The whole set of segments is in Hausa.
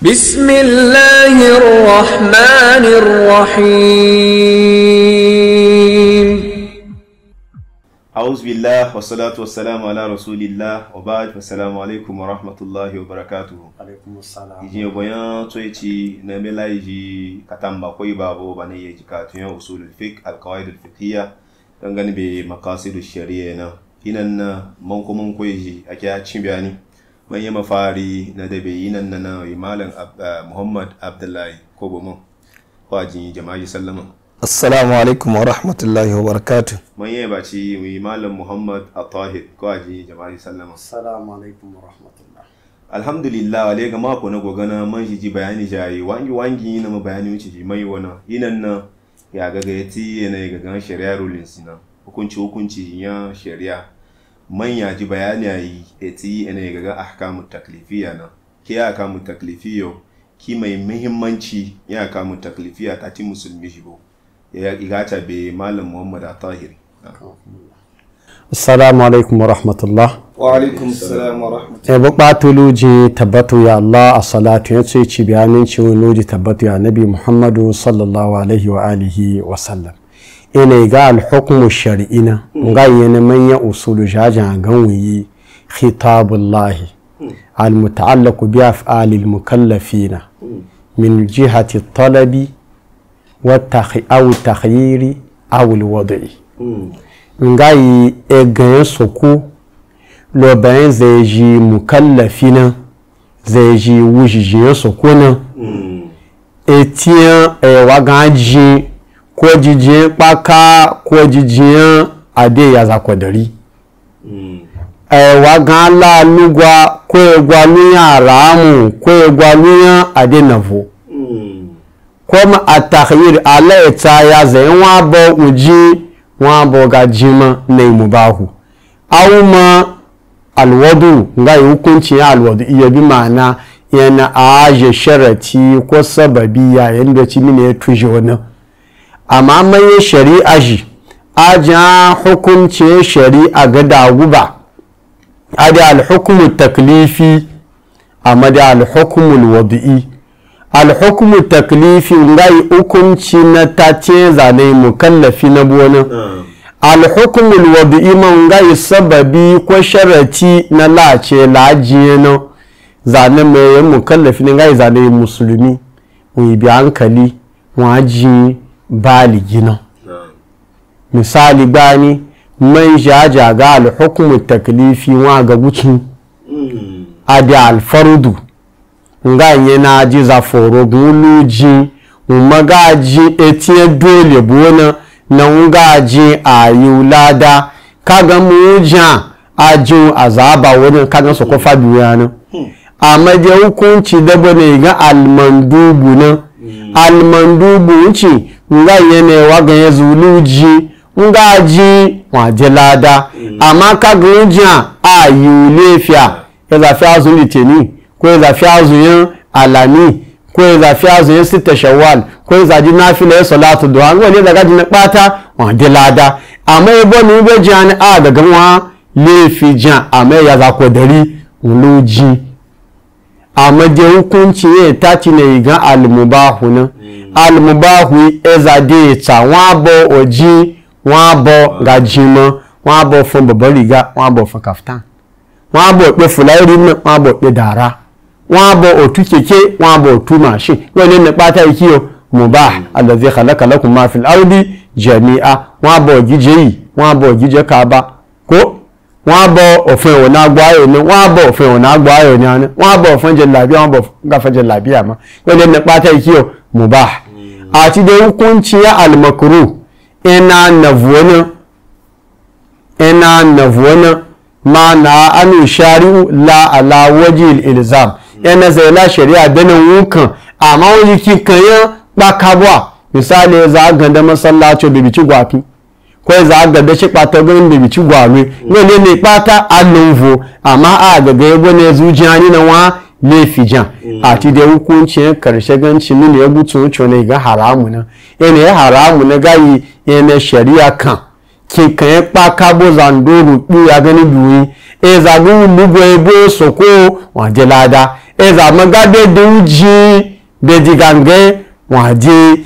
بسم الله الرحمن الرحيم أعوذ بالله والصلاة والسلام على رسول الله وبعد السلام عليكم ورحمة الله وبركاته عليكم السلام يجي بيان تويتي نملا يجي كتام بقوي بابو بني يجي كاتيان أصول الفقه القواعد الفقهية تنغني بمقاصد الشريعة هنا هنا منكم منكم يجي أكيد شنبياني mun yi mafari na da bai nan na yi malam eh, muhammad abdullahi ko bomo kwajin jama'i sallama assalamu alaikum wa rahmatullahi wa barakatu mun yi baci mu yi malam muhammad atahir kwajin jama'i sallama assalamu alaikum wa rahmatullahi alhamdulillah wale ga mako na gogana man shi ji bayani jayi wangi wangi na ma bayani wuce ji mai wana yinan na ya gaga ya tiye na ya gaga shari'a rulin sinan hukunci hukunci ya shari'a man ji bayani yi eti ene gaga ahkamu taklifiya na ke ahkamu taklifiyo ki mai muhimmanci ya ahkamu taklifiya ti musulmi bo ya gata be malam muhammad atahiri assalamu alaikum wa rahmatullah wa alaikum salam wa rahmatullah e bukpa loji tabbatu ya allah a salatu ya ce ci bayanin ciwon loji tabbatu ya nabi muhammadu sallallahu alaihi wa alihi wa sallam ina ga hukmu shari'ina ngai yana manya usulu jajan ganwe yi al almutallaku bi af'ali mukallafina min jihati talabi wa takhi aw takhyiri aw alwad'i ngai e gan soku lo ben zeji mukallafina zeji wujiji soku na hmm. etia e eh, waganji ko jijiyan kpaka ko jijiyan ade ya zakwadari ẹ̀wà gan aláàlúgwa kó egwa níyàn àràámù kó egwa níyàn àdénàfò kọ́mọ àtàkìyìrì alẹ́ ìta yazẹ̀ wọ́n nga ya ma'ana yana a ṣẹ̀rẹ̀ tí kó ya amma mai shari'a shi aja hukunce shari'a ga dagu ba da alhukumu taklifi amma da alhukumul wadi'i alhukumu taklifi yi hukunci na ta ce zane kallafi na bonin ah. alhukumul wadi'i nga yi sababi ko sharaci na lace lajiye na zane mai kallafi na yi zane musulmi mu bi hankali mu ajiye baligi nan misali gani man jaja ga alhukumu taklifi wa ga gucin hmm. adi alfardu nga nye na ji za foro gulu ji ga ji etiye dole bona na nga ji ayulada kaga mu ajo azaba wani kaga su kofa biya nan hmm. amma je hukunci da bane ga almandubu na hmm. almandubu ce nga yene waga ya zuluji nga ji waje lada mm. amma ka gunja a yi ulefiya ya zafi azun litini ko ya zafi azun yin alami ko ya zafi azun yin sita shawwal ko ya zaji nafila ya salatu duha ngo ne daga jin pata waje lada amma ya bọ ni be jani a daga wa lefi jan amma ya za ko dari uluji amma je hukunci ya ta ci ne ga almubahu nan hmm. almubahu eza de ta wa bo oji wa bo gajimo wa bo fun babban riga wa bo fun kaftan wa bo pe fulari mi wa bo pe dara wa bo otu keke wa bo otu mashin wani ne pata iki o mubah hmm. allazi khalaqa lakum ma fil ardi jami'a wa bo jije yi wa bo kaba ko wọ́n á bọ ọ̀fin ìwọ̀n náà gbọ́ ayò ni wọ́n á bọ ọ̀fin ìwọ̀n náà gbọ́ ayò ni wọ́n á bọ ọ̀fin jẹ làbí wọ́n á bọ ọ̀fin jẹ làbí àmọ́ yọlẹ̀ nípa tẹ́ kí o mùbá àti dé hukunci ya almakuru ina navuwana ina navuwana ma na anu shari'u la ala wajil ilzam yana zai la shari'a danin wukan amma wani kikan yan bakabwa misali za a ganda masallaci bibici kweza agabe chekpata gani mbebi chugwalwe ngole ne pata alonvo amma agabe ego ne zuji ani na wa lefijan mm. ati da hukuncin e karshe ganci mini ya e gutsu wuce ne ga haramu na yana e ya haramu na gayi yana shari'a kan ke kan ya pa kabo zandoro ya gani biyu e zagun lugo ebo soko wa je lada e za uji de digange wa je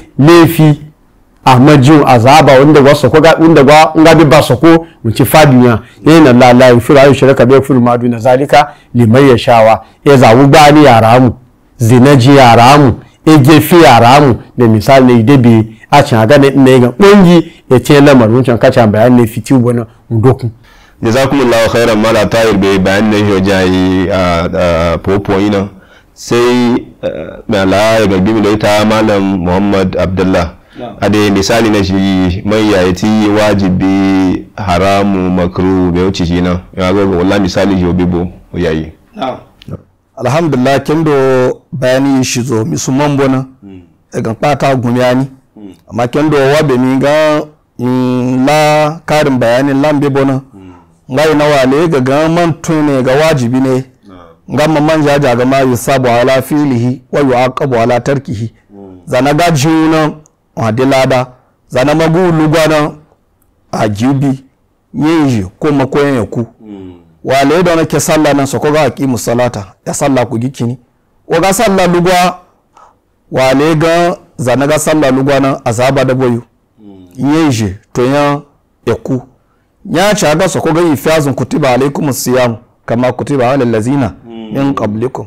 ahmad jin azaba wanda gwa soko wanda gwa ngabi ba soko muci fadiya yana la la yufiru ayu shiraka bi furu madu na zalika liman yashawa ya zawu bani yaramu zinaji yaramu ejefi yaramu da misali ne debi a cin aga ne ne ga kungi ya ce lamarin can kaca bayan ne fiti wani mudoku jazakumullahu khairan mala tayir bai bayan ne jojayi a popo ina sai mala eh, ya gabi mu da ita malam muhammad abdullah ade misali na shi mai ya ti wajibi haramu makru ya wuce shi na ya gaba wala misali shi obibo ya yayi alhamdulillah kendo bayani shi zo misu mambo na hmm. e hmm. ga pata ni amma kendo wa be ga la karin bayanin lambe bona hmm. ngai na wale ga ga man ne ga wajibi ne ga man jaja ga ma yusabu ala filihi wa yuaqabu ala tarkihi zanaga juna adịlada zanamago ulugwana a nye iji ko makoyan yaku wa wale da ke sallah nan ko ga ki musallata ya salla ku gikini wa ga salla lugwa le ga zanaga sallah lugwa na azaba da boyu mm. to ya yaku ya ga so ko ga ifazun kutiba alaikum siyam kama kutiba alal lazina min qablikum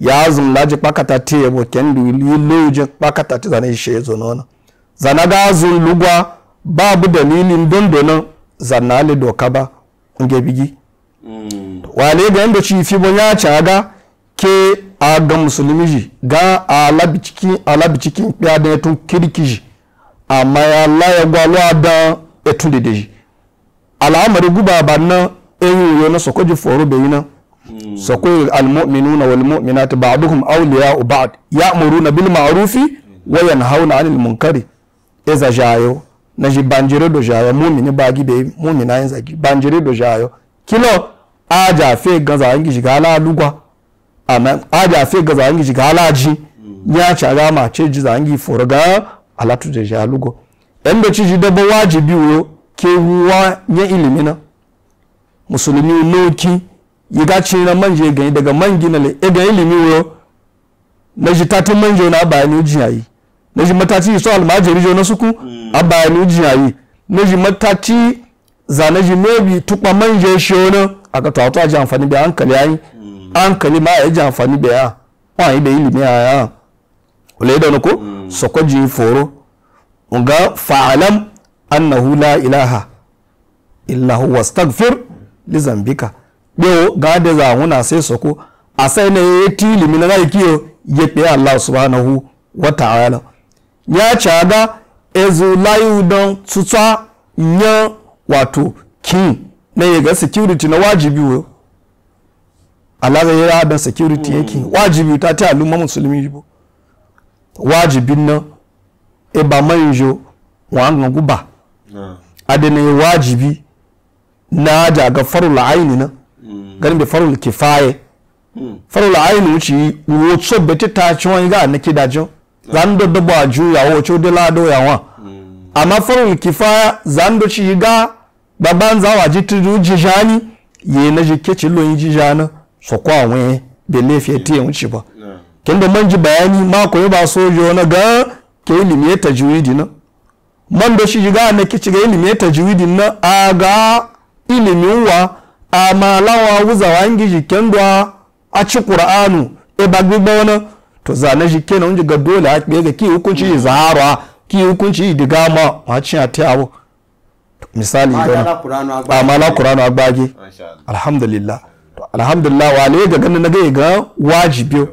ya azum laji pakata te yabo kendu yiloje pakata te ishe zo nona zana ga zun lugwa babu dalilin dondonan zanna le doka ba nge bigi mm. wale ga yanda ci fi ya ci aga ke aga ga musulmi ji ga a labi cikin a cikin piya da tun kirki ji amma ya la ya gwalo da etun de ji al'amari guba ba na eyin yo na sokoji foro be yina mm. sokoji almu'minuna wal ya ba'duhum awliya'u ba'd ya'muruna bil ma'rufi wa yanhauna 'anil munkari eza jayo na jibanjiredo jayo ni bagi de mumi na yenza jibanjiredo jayo kilo aja fe gaza ingi jigala lugwa amma aja fe gaza ingi jigala ji mm. nya chaga ma ce ji ingi foroga ala de jalugo endo ci ji dabo wajibi uyo ke huwa ya ilimina musulimi uloki yiga chini na manje gani daga na le ega ilimi uyo na ji tatu manje na bayani jiyayi níṣì mẹ́ta tí ìsọ àlùmájèrè nasuku hmm. abba ya nuji ya yi neji mẹ́ta za neji mebi tukpa manje shi aka a ka tawato a amfani bai hankali yayi hmm. ankali ma ya amfani bai ya wa yi ili me ya ya ulai da ko hmm. soko ji foro nga fa'alam annahu la ilaha illa huwa astaghfir li zambika biyo ga da za muna sai soko a ne ya tilimi na ga kiyo ya Allah subhanahu wa ta'ala ya ga Layu don tsutsa yan wato kin na ga security na wajibi wo alaga yara da security mm. yake wajibi ta ta alumma musulmi yibo wajibin na eba jo wa an guba yeah. adana wajibi na ga farul aini na hmm. ganin da farul kifaye mm. farul aini wuce wotso beti ta ciwon ga na kidajen zando dubu a juya ya wo cho de la do ya wa hmm. amma fa kifaya zando ci ga baban zawa ji tudu jijani ye hmm. na ji ke ci jija jijana so kwa we be le fi te mu ci ba kin da man ji bayani ma ko ba sojo na ga ke ilimi ya tajwidi na man do shi ga na kici ga ilimi ya tajwidi na a ga ilimin wa amalawa wuzawa ngiji kendwa a ci qur'anu e ba gbogbo wani. to zane shi kenan unji ga dole a ga ki hukunci mm. zahara ki hukunci diga ma a cin a tiyawo misali ga kurano a gbage alhamdulillah alhamdulillah wa ne ga ganin na ga ga wajibi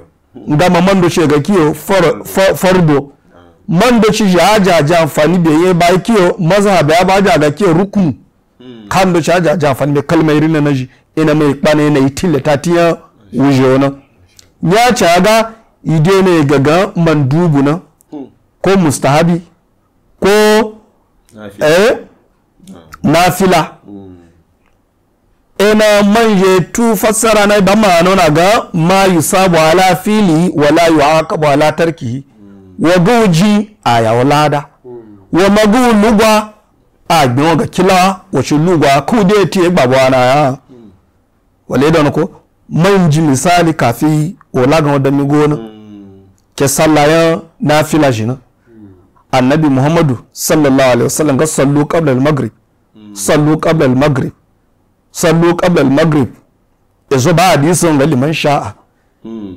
ngama mando shi ga kiyo fardo mando shi ya jaja amfani da yi ba kiyo maza ba ya ba ga kiyo rukun mm. kan do ya jaja amfani da kalmai irin na shi ina mai kpana yana yi tilata tiya wuje wannan ya ci ga ido ne gaga mandubu na hmm. ko mustahabi ko eh hmm. nafila ina hmm. manje tu fassara na ba ma'ano na ga ma yusabu ala fili wala yuaqabu ala tarki wa goji aya walada wa magu lugwa agbe wọn ga kila wace lugwa ku da ya tiye babu ana ya wale da ko man ji misali kafi wala ga wadda mi ke sallah ya nafila jina annabi muhammadu sallallahu alaihi wasallam ga sallu qabla al-maghrib sallu qabla al-maghrib sallu qabla al-maghrib yazo ba hadisin ga liman sha'a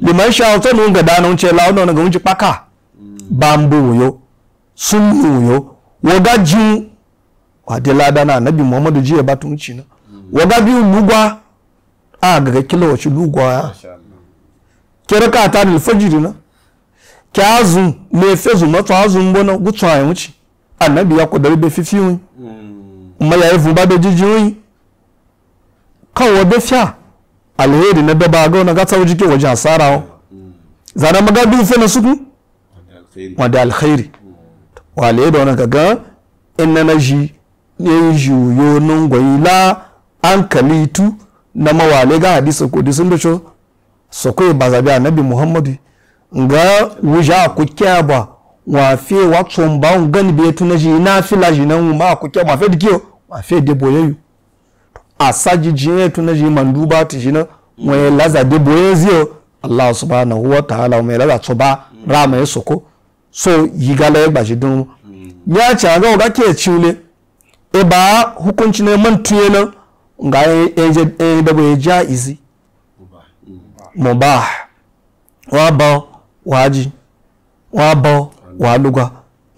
liman sha'a to mun ga dana unce la ona ga unci paka bambu yo sunnu yo wagaji ji adila dana annabi muhammadu ji ya batu unci na waga bi lugwa a ga kilo wace lugwa ya kirka ta al-fajr na kyazu lefe zuma tsazu mbona gutswaye wuci annabi ya kodari be fifiwi kuma yayi fuba be jijiwi kawo be fya alheri na be bago na gata wuji ke waje asara o hmm. zana maga bi fe na suku hmm. wa da alheri. wa le da wannan gaga inna naji yayi yo nun goyila an kalitu na mawale ga hadisi ko disin da cho sokoi bazabi annabi muhammadu nga wuja ku kyaba wa fe wa tsomba ngan be na ji na la ji mu ma ku kyaba fe dikiyo wa fe de a asaji ji ne na ji manduba ti ji nan la laza de boyezio Allah subhanahu wa ta'ala wa laza ra ma ya soko so yigala ya gbaji dun ni a cha ga ke ule e ba hukunci ne man na nan ga e, e, e da boye ja izi ba wa ba wàá jí wa bọ́ wàá lúgwa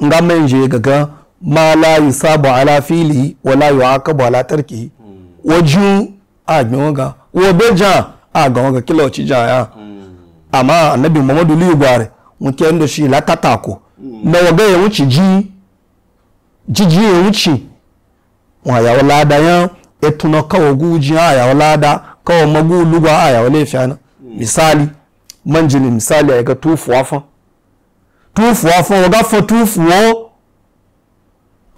nga mẹ́njẹ́ gaga ma la yusabu ala fili wala yu'aqabu ala tarki hmm. waju agbon ga wo beja agbon ga kilo ci ja ya hmm. ama annabi muhammadu li gware mun ke ndo shi la katako hmm. na wo ga ye wuci ji ji ye wuci wa ya wala da ya etuna kawo guji ya wala da kawo magu lugwa ya wala ana misali manjini misali ayga tuufu afan tuufu afan waga fa tuufu wo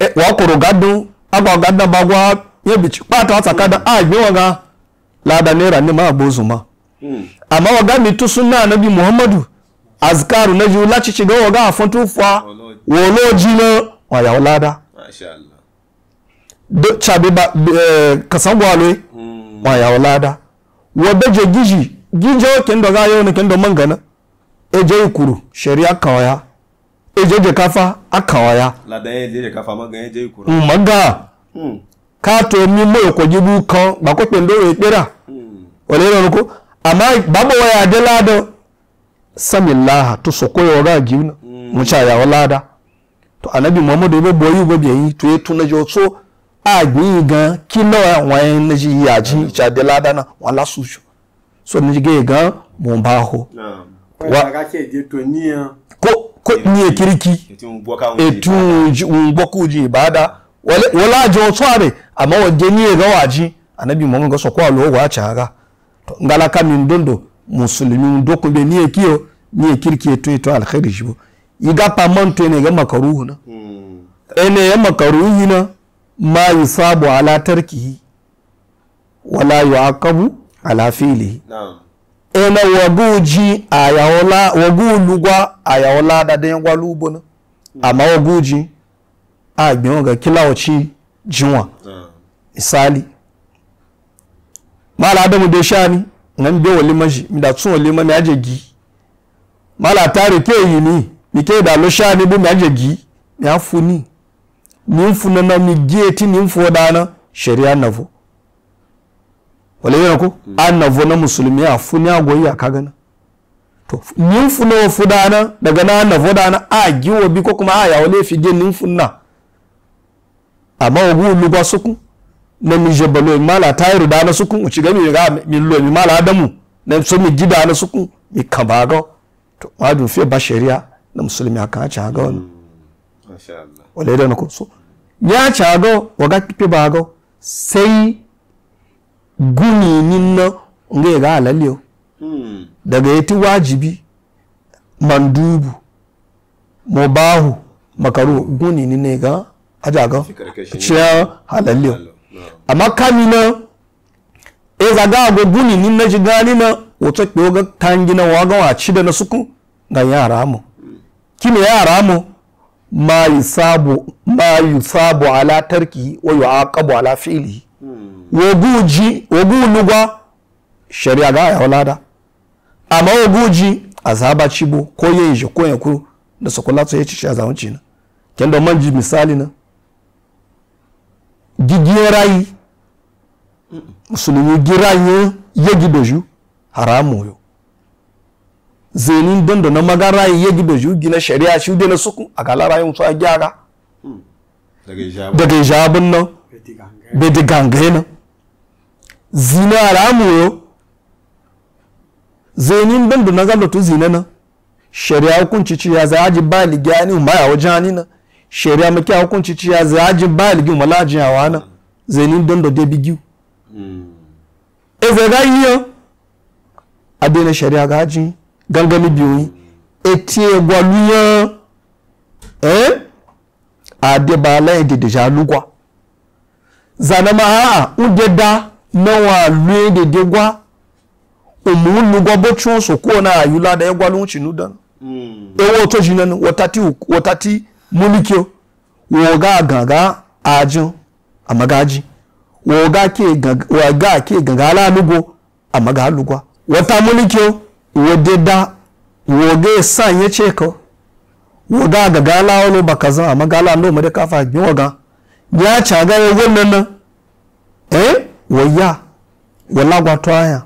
e, wakoro gadun agba gadan bagwa yebici kpata asakada a gbe waga lada nera ne ma agbo zuma hmm. amma waga mi tu nabi muhammadu azkaru na ju lati shiga waga afan tuufu wolo jina wa ya lada masha Allah do chabe ba eh, kasangwale hmm. wa ya lada wa gizi jinjo kendo ga yo ne kendo mangana eje ikuru sheria kawaya eje je kafa akawaya la da eje je kafa maga eje ikuru mm, maga mm ka to mi mo ko jibu kan ba ko pe ndoro ipera mm ole ro ko ama babo wa ya de lado samillaha to so ko yo ga jiuna mu mm. cha ya walada to anabi muhammadu be boyu be bi to e tun jo so agbi gan kilo àwọn en ji ya ji mm. cha de lada na wala suju so ni ge ga mo ba ho wa ga ke je to ni ko ko ni kiriki tu un boku ji bada wala so are ama o waje ni ga waji anabi mo ga so ko alo wa ga to ngala kamin dondo musulmi doku be ni kiyo ni kirki to ito jibo yi bo iga pamanto ne ga makaruhu na ene ya yi na hmm. ma yusabu ala tarkihi wala yu'aqabu alafili ena waguji ayaola wagulugwa ayaola daden gwalubona amma waguji a gbin ga kilawaci jinwa misali mala adamu de shani nan be wali maji mi da tun wali mami aje gi mala tare ke yi ni mi ke da lo shani bi mi aje gi mi afuni ni funa na mi gieti ni fodana sharia navo wale yana ko an na vona musulmi a funi agoyi a kagana to nin funo fudana daga na na ana a giwo bi ko kuma a ya wale fi je nin funna amma ogu lugwa suku na mi jebalo mala tayru da na sukun uci gami ga mi lo mi mala adamu na so mi gida na sukun mi kabago to wadu fi ba sharia na musulmi aka ci haga wannan masha Allah wale da na ko so ya ci ga waga ba bago sai guni ninna nga ga alaliyo hmm. daga yati wajibi mandubu mubahu makaru guni ninna ga ajaga ciya halaliyo amma kamina e zaga ago guni ninna ji gani na wato ke ga kangina waga wa ci da na suku ga yara mu kime yara mu ma yusabu ma yusabu ala tarki wa yuaqabu ala fi'li hmm. woguji ji shari'a ga ya walada amma wogu ji azaba cibo koye yin koye ku da sokola to yace shi azawun na kin da manji misali na gigiyar rayi musulmi girayi ya gidoju haramu yo zenin dondo na magara ya gidoju gina shari'a shi dena suku a kala rayin su agyaga hmm. daga ijabun nan bai da gangaye nan zina haramu zenin don na galo tu zina na shari'a hukunci ci ya zaji ji ba ligi ani ma ya wajen ani na shari'a maki hukunci ci ya za ji ba ligi ma la jin awa na zenin don da debi giu hmm. e zai ga yi a daina shari'a ga ji gangami biyu yi eti egwalu yan eh adebala ede deja lugwa zanama ha unde da nawa wa da de gwa umunu gwa bocin su ko na ayula da ya gwalun ci nudan hmm. ewo to jinan watati watati mulikyo woga gaga ajin amagaji woga ke gaga woga ke gaga alalugo amagalugwa wata mulikyo wodeda woge sanye cheko woga gaga alawolo bakaza amagala no mede kafa gbe woga ya chaga wannan nan eh wọya wọlagbata anya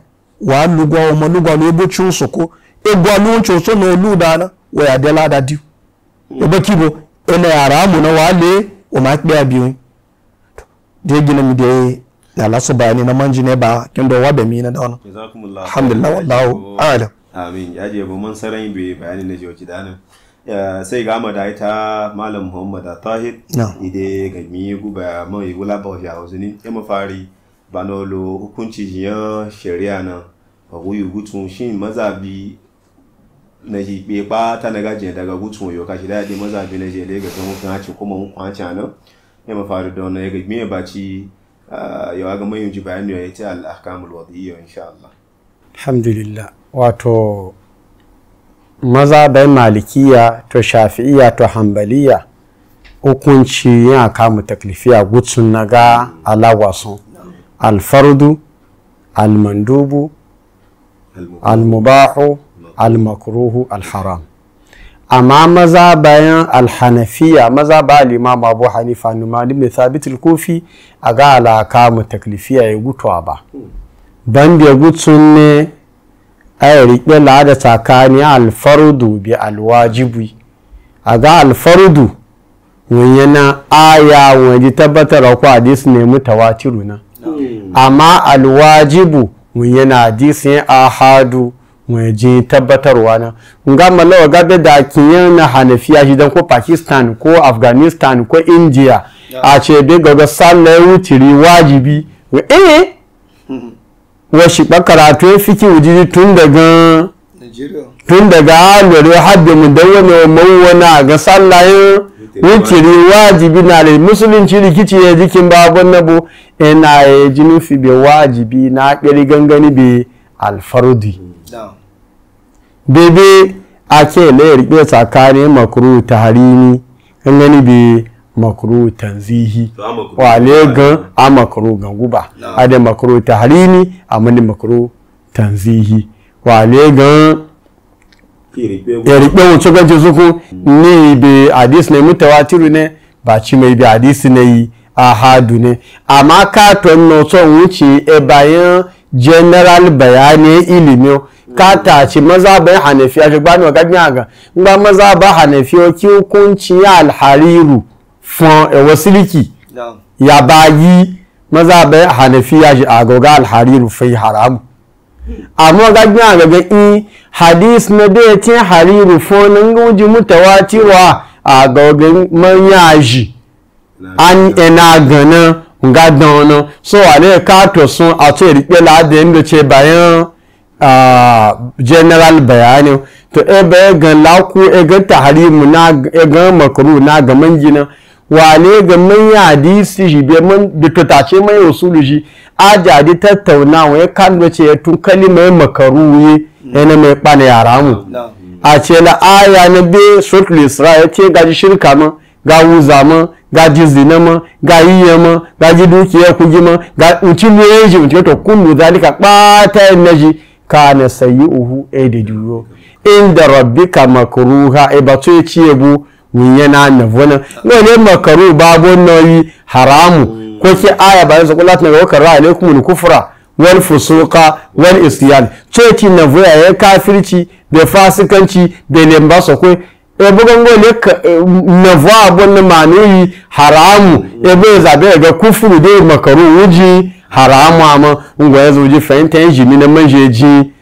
waalugwa ọmọlugwa na egbochi nsoko egwu alụnche ụsọ na olu dana wee adịla adadi ebekibo eneghara amụ na waale ụmakpe ya biyu da yagi na mide na lasu bayani na manji ne ba kin wa wabe mi na da wani alhamdulillah wallahu a'lam amin ya je ba mun sarai bi bayani na jiwaci da nan sai ga amada ita malam muhammad tahir ide ga mi guba mai wula ba ya wasu ne ya mafari banolo hukunci yan shari'a na yi gutu shi maza bi na shi be ta na gajin daga gutun yau kashi maza bi na jele ga zama kan haci kuma mun kwanci nan ya faru da wannan ya ga miya baci yau ga mai yunji bayan ya ta al'akamul wadiyya insha Allah alhamdulillah wato maza bai malikiya to shafi'iya to hambaliya hukunci yana kama taklifiya gutsun na ga alawasun alfardu almandubu almubahu almakruhu alharam amma maza bayan alhanafiya maza ba limam abu hanifa numan mai thabit kofi a ga alaka mu taklifiya ya gutuwa ba ban biya gutsun ne a riƙe lada tsakani alfardu bi alwajibi a ga alfardu wani yana aya wani tabbatar ku hadis ne mutawatiru na Hmm. amma alwajibu mun yana hadisin ahadu mun je tabbatarwa na nga malawa gabe da kiyan na hanafiya shi dan ko pakistan ko afghanistan ko india a ce be gaga sallar wutiri wajibi eh hmm. wa shi karatu fiki wujiri tun daga tun daga lori haddi mu dawwana mawana ga sallayin witiri wajibi na le musulunci rikici ya jikin babon nabo ina e ya ji nufi be wajibi na kiri gangani be alfarudi bebe ake le rike tsakanin ta harini gangani be makru tanzihi wale gan a makru ganguba a da makru taharimi a mani makru tanzihi wale gan erikpe wọn tsogbọn ti zuku ni ibe hadisi ne ba ci mai ibe hadisi na yi ahadu ne amma ka to no so wuce e bayan general bayani ilimi ka ta ci maza bai e hanafiya shi gbanu ga gbiya ga ngba maza ba e o ki hukunci alhariru fun ewo siliki ya yi maza bai e hanafiya shi agoga alhariru fai haramu amma ga gina ga i hadis na da tin hariru fonin guji mutawatirwa a ga gan manyaji an ina gana ga dana so ale ka to sun a to ripe la de ndo che bayan general bayani to e be gan la ku e ga tahrimu na e ga makru na ga manjina wane ga manya hadisi shi be man bitutace mai usuluji shi aja di tattaunawa ya kan wace ya tun kalimai makaruye yana mai kwana yara mu a ce la aya na be suratul isra ya ce gaji shirka ma ga wuza ma ga ji zina ma ga yiye ma ga ji dukiya kugi mu ga uci ne ya ji mutu to kullu zalika bata naji kana sayi uhu e inda rabbika makruha e ba to ya ce bu niyana na vona ngone makaru babo noyi haramu ko ki aya bayan sa kullatu wa karra alaikum al-kufra wal fusuqa wal isyan ceci na voya ya kafirci da fasikanci da lemba sokwe e bugan gole e, na voa gonna manuyi haramu e bai zabe ga kufuru dai makaru wuji haramu amma ngwa zo ji fahimta yin jimi na manje ji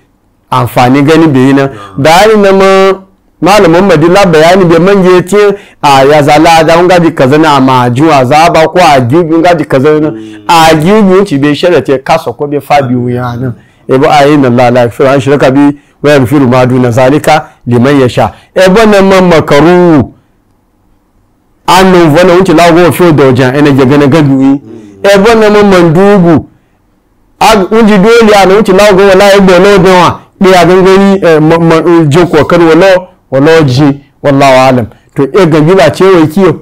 amfani gani bai na da na ma malamin madina bayani bai manje ce a ya zala da un gaji kaza na ma juwa za ba ko a gibi un gaji kaza na a gibi un bai shara ce kaso ko bai fabi wuya nan ebo ayin Allah la fi an shirka bi wa yaghfiru ma duna zalika liman yasha ebo nan man makaru annu vona un ci lawo fi do jan ene je gana gaduwi ebo nan man mandugu a un ji dole an un ci lawo wala ebo no dewa pe agangani e, joko kan wala waloji wallahu alam to e ga giba ce wai kiyo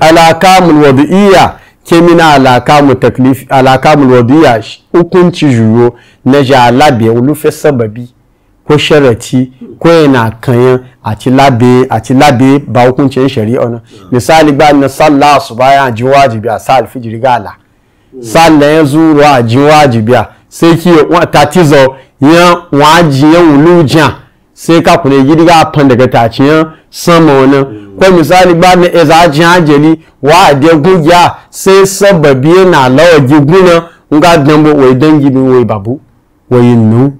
alakamul wadiyya ke mina alakamul taklif alakamul wadiyya hukunci juyo na ja labe olufe sababi ko sharati ko yana kanyan àti lábẹ́ àti lábẹ́ ba hukuncin shari'a ọ̀nà hmm. misali gba na sallah su bayan ajin wajibi a sa alfijiri gala hmm. sallah ya zuru ajin wajibi a sai ki wata tizo yan wajin yan wulujan sai ka kuna gidi ga fan daga taciyan sama wani ko misali ba na eza ajin ajali wa ade gugiya sai sababi na lawa na nga dambo wai dangi bi wai babu wai nu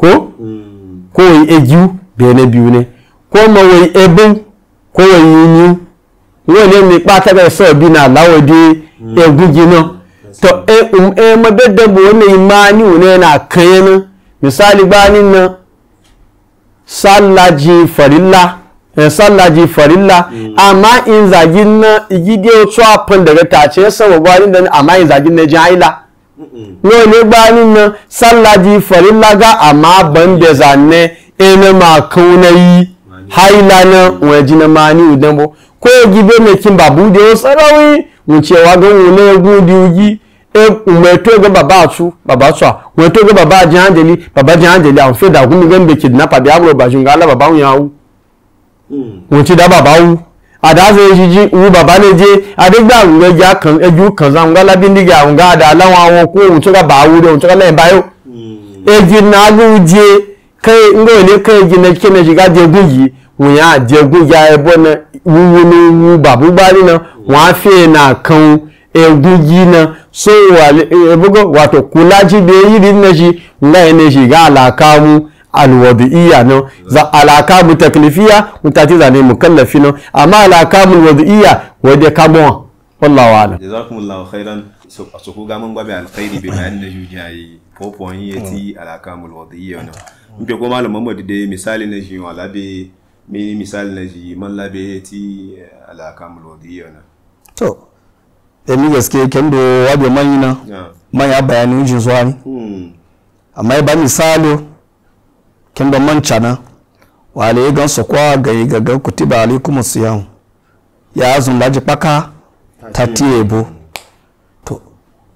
ko mm. ko wai eju be na biyu ne ko ma wai ebu ko wai yinu wani mi pata ga so bi na lawa de mm. egugi na to e um e ma bedda bo ne imani wona na kayana misali ba nin na sallaji farilla eh, sallaji farilla mm. amma in zagin na igide otu apun daga tace sawa gwarin da amma in zagin na jaila no ne ni na sallaji farilla ga amma ban da zanne ene eh, ma kaunayi haila na waje na mani udan bo ko gibe ne kin babu da wasu rawi wucewa ga wune gudi ugi wẹ̀tọ́ ẹgbẹ́ bàbá àtú bàbá àtú à wẹ̀tọ́ ẹgbẹ́ bàbá àjẹ́hánjẹ́lì bàbá àjẹ́hánjẹ́lì àwọn fẹ́ dàgún mi gẹ́gẹ́ kìdínàpà bí àbúrò bàjúǹgà alá bàbá òyìn àwú wọ́n ti dá bàbá wú àdáṣe baba wú bàbá lè jẹ́ adégbà eji ẹja kan ẹjú kan sáwọn gálábí nígbà àwọn gáàdà aláwọn àwọn kó ohun tó ká bàá wú rẹ ya ebe na wuwu ní wú bàbú gbárí náà wọ́n á fẹ́ẹ̀ egungi na so ebugo wato kulaji ji da yi rin na shi na ne shi ga alakamu alwadu'iyya no za alakamu taklifiya mutati zane mukallafi no amma alakamu alwadu'iyya wadda kamo wallahu ala jazakumullahu khairan so ku ga mun gwabe alkhairi bi bayan da jujayi ko pon yi ti alakamu alwadu'iyya no mun ko malamin mu da misali na shi wala be mini misali na shi man labe ti alakamu alwadu'iyya no to emi gaske kendo wabe manyina manya bayani ujin ni hmm. amma ba misalo na wa wale gan su kwa ga gaga kutiba alaikum siyam ya azun laji paka tati ebo to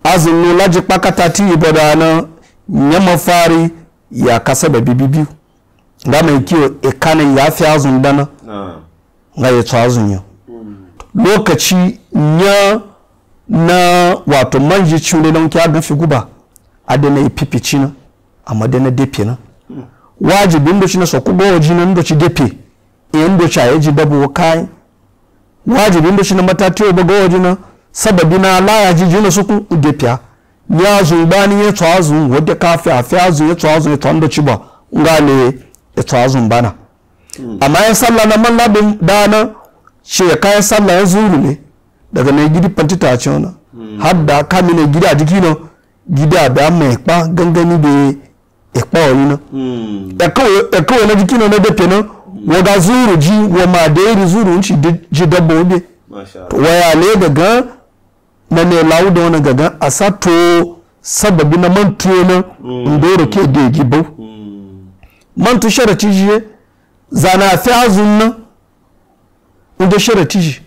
azun no laji paka tati ebo da na nyama fari ya kasa da bibibiu da mai kiyo ikana ya fi azun dana ga ya azun ya hmm. lokaci nya na wato manji cune don nke adun figuba adana ipipici na amma dana depe na wajibi ndoci na sokugo waji na ndoci depe iya ndoci a yaji dabo kai wajibi ndoci na matati obago waji na sababi na laya jiji jina suku depe ya zo bani ya tsazu wadda kafi a fi azu ya tsazu ya tsando ci ba ne ya tsazu bana amma ya sallah na man labin dana shi ya kayan sallah ya zuru ne daga na gidi pantita ce wani hadda kami na gida jiki na gida da mai ikpa gangani da ikpa wani na hmm. ekawo na jiki na na dafe na waga zuru ji wa ma da yi zuru nci ji dabba wabe to waya ne gaga na ne lawu da wani gaga a sato sababi na hmm. hmm. mantu na ndoro ke da ya gibau mantu sharaci jiye zana fi azun na ndo shara jiye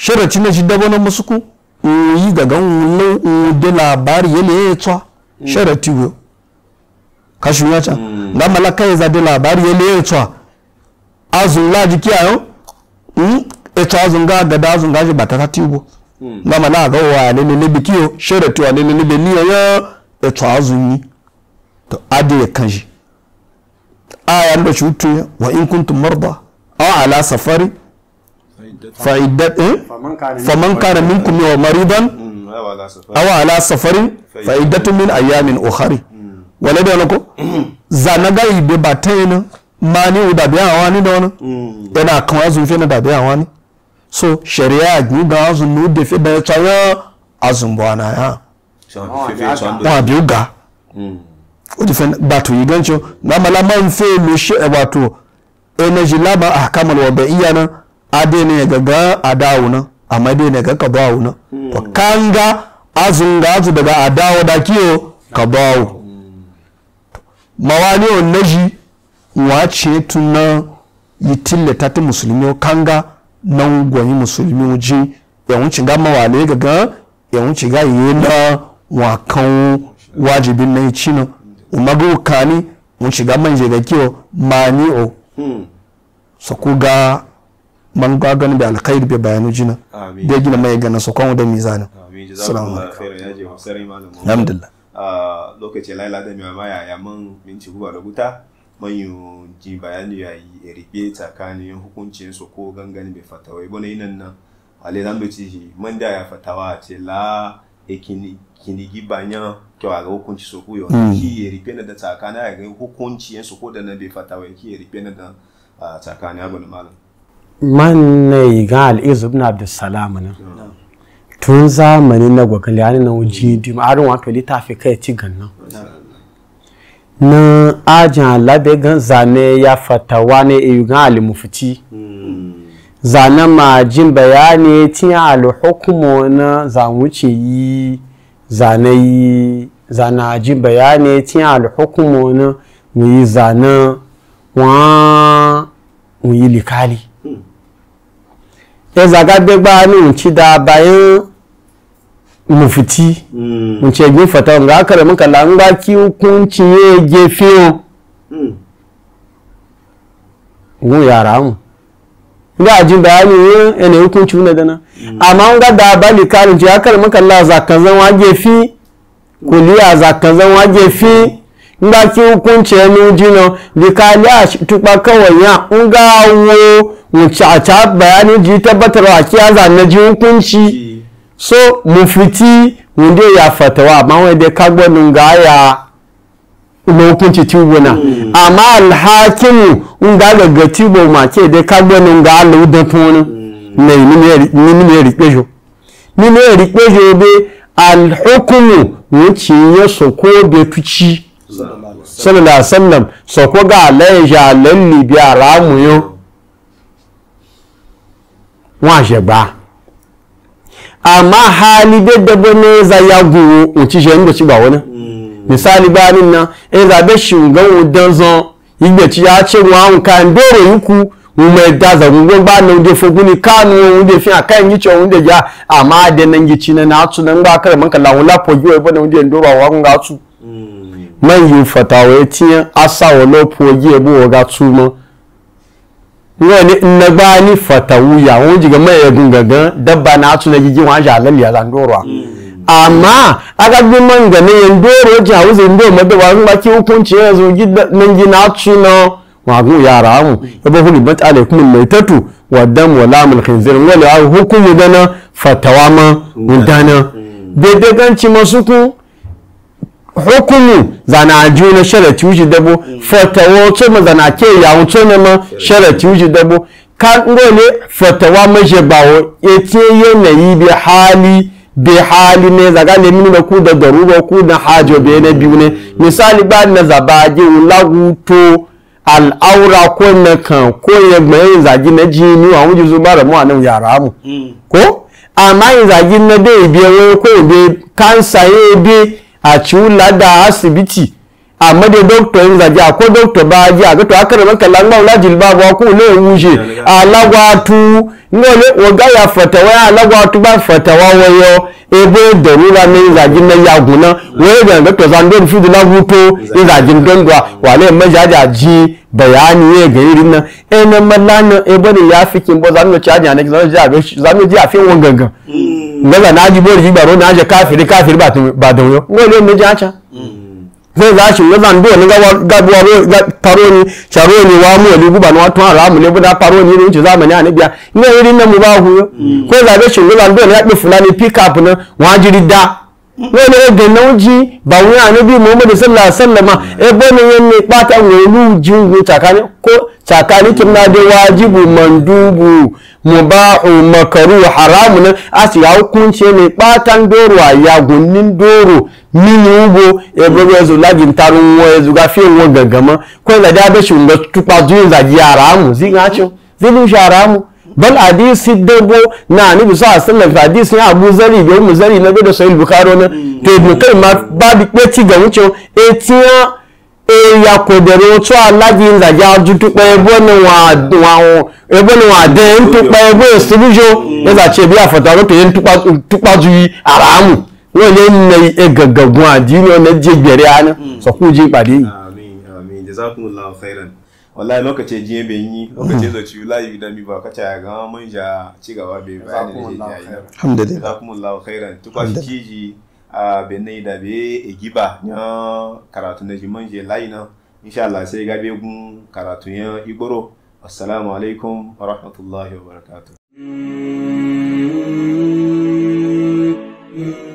shira cina shi dabo na musuku yi gaga wule da labari ya ne ya tsa mm. shira tiwo kashin ya ca mm. ga malaka ya zade labari ne ya tsa azun yau kiyayo ita mm? azun ga da azun gaji ba ta tiwo ga mala ga wa ne ne ne bikiyo shira tiwo ne ne ne beliyo ya ita azun yi to adi ya kanshi a da shi wa in kuntum marda a ala safari fa'iddat faman kana minkum yaw maridan awa ala safarin fa'iddatu min ayamin ukhari wala da wala ko zanaga ibe batena mani uda bi awani da wani yana kan azu fe na da bi awani so sharia gu ga azu nu de fe da tsaya azun bwana ya wa bi uga o ti fe batu yi gancho na mala man fe lo she to energy laba ahkamal wa bi iyana ne ga adawuna amma ne ga kabawuna to hmm. kanga azunga azu daga adawo da kiyo kabawo mawani on naji wace tuna yitille tati musulmi kanga na gwani musulmi uji ya wuce ga mawani ga ga ya wuce ga yi na kan wajibin na yi na umaru kani wuce ga manje ga kiyo mani o hmm. so ku ga man gwagon da alkhair bai bayanu jina bai gina mai gana su kwan ah, da mizanin salamu alhamdulillah lokaci laila da mai maya ya man minci guba da guta yi ji bayani ya yi erike tsakanin hukuncin su ko gangan bai fatawai bane yinan nan alizan bai ci man da ya fatawa ce la e kinigi banya kyau a ga hukunci su kuyo hmm. ki erike na da tsakanin ya ga hukunci su ko da na bai fatawai ki erike na da ah, tsakanin abu malam man ne ga al'izu ibn abdussalam nan tun zamanin na gwagali an nuna wuji dim toli wato littafi kai ci gannan na ajin alabe gan zane ya fatawa ne iyu e, gan alimufuci zane ma jin bayani tiyan alhukumu na zamuci yi zane yi zana jin bayani tiyan alhukumu na mu yi zane wa mu yi likali ezagabegba ni nci da bayan mufiti nce gin fata ga aka muka la ngba ki hukunci ye gefe o gun yara mu ga jin bayani ne ene hukunci ne dana amma ga da bali karin ji aka muka la zakan zan wa gefe kuliya zakan zan wa gefe ngba ki hukunci ne jina likali a tupa kawai ya nga wo wacce a ta bayani ji tabbatarwa kiyaza na ji hukunci so mu fiti wunde ya fatawa amma wanda ka gwanin gaya na hukunci tubuna hmm. amma alhakimu in ga gaga tubo ma ke dai ka gwanin ga alu da tuni ne ni ne rikpejo ni ne rikpejo be alhukumu wuce ya soko be tuci sallallahu alaihi wasallam soko ga alayja lalli bi aramu yau wọn àṣẹgbà amma hali bai dabo ya goro wuce shi ba misali ba nan in zabe shugan wudan zan wa an kan dore yuku mu mai da za mu gba nan de foguni kanu mu de fi akan yi cewa wanda ja ngani nnagba ni fatawuya won jiga mai egun gaga dabba na atu na gigi wan jalali ya zandorwa mm. amma aka bi man gane yan doro ji hausa ndo mabe wa ba ki hukunci ya zo gida nan gi na atu na wa gu yara mu yabo e huli bat alaikum maitatu wa dam wa lamul khinzir wala hukumu dana fatawa ma mundana mm. daidai ganci masuku hukumu zana ju na sharati wuji dabo fatawa to zana ke ya to ma sharati wuji dabo kan ngole fatawa ma je bawo ete hali bi hali ne zaga le minu kuda da daruwa ku hajo be ne biyu misali ba na zabaje lagu to al'aura hmm. ko na kan ko ya mai zagi na jini wa wuji zuba da mu anan yara mu ko amma zagi na dai biye ko be kansa ye be àti ó ládàá àsìbìtì amma dai doctor yin zaji akwai doctor ba ji aga to aka rabaka langba wala jilba ba ku le wuje alagwatu ngole oga ya fatawa alagwatu ba fatawa wayo ebe darura ne yin zaji na yaguna waye ga ga to zando fi da huto yin zaji dondwa wale majaja ji bayani ye ga irin na ene mallano ebe ne ya fikin bo zanu chaja ne zanu ji aga zanu ji afin wangaga hmm. ngaza na ji bori ji baro na je kafiri kafiri ba ba da wayo ngole ne ji acha hmm. zai za shi na zando wani gabuwa faroni sharoni wa mu wali guba na tun haramu ne buda faroni ne wuce zamani a nabiya ina irin na mu ba huyo mm. ko zabe shi na zando wani ya ɗi fulani pick up na wajiri da wani ga nauji ba wani anabi muhammad sallallahu alaihi wasallam e eh, bani yanne pata wani jingu takani ko takani kimna da wajibu mandubu mubahu makaru haramu nan asi ya hukunce ne patan doro ya gunnin doro mini ubo e gogo ezo lagin tarun wo ezo ga fi wo gagama ko la da be shunga tupa zuyin zaji haramu zin acho zin haramu bal hadisi dabo na anibi sa sallam hadisi ya abu zari bi mu zari na da sahih bukhari wannan to ibn kai ma ba bi pe ti ga wucho etia e ya ko de ro to alaji nda ja ju tu pe ebo ni wa wa o ebo ni wa de ntu pe ebo esibujo e za che bi afata ro pe ntu pa tu pa ju aramu won le ne e gagagun adini o ne je gbere ana so ku ji pade amin amin jazakumullahu khairan wallahi lokacin jiye bai yi lokaci mm. zo ci layi da mi ba kaca ga mun ja ci gaba bai bayani da yi alhamdulillah alhamdulillah khairan kwashi kiji a benai da be egiba nya karatu ne ji je layi na insha Allah sai ga gun karatu ya igboro assalamu alaikum wa rahmatullahi wa barakatuh mm, mm,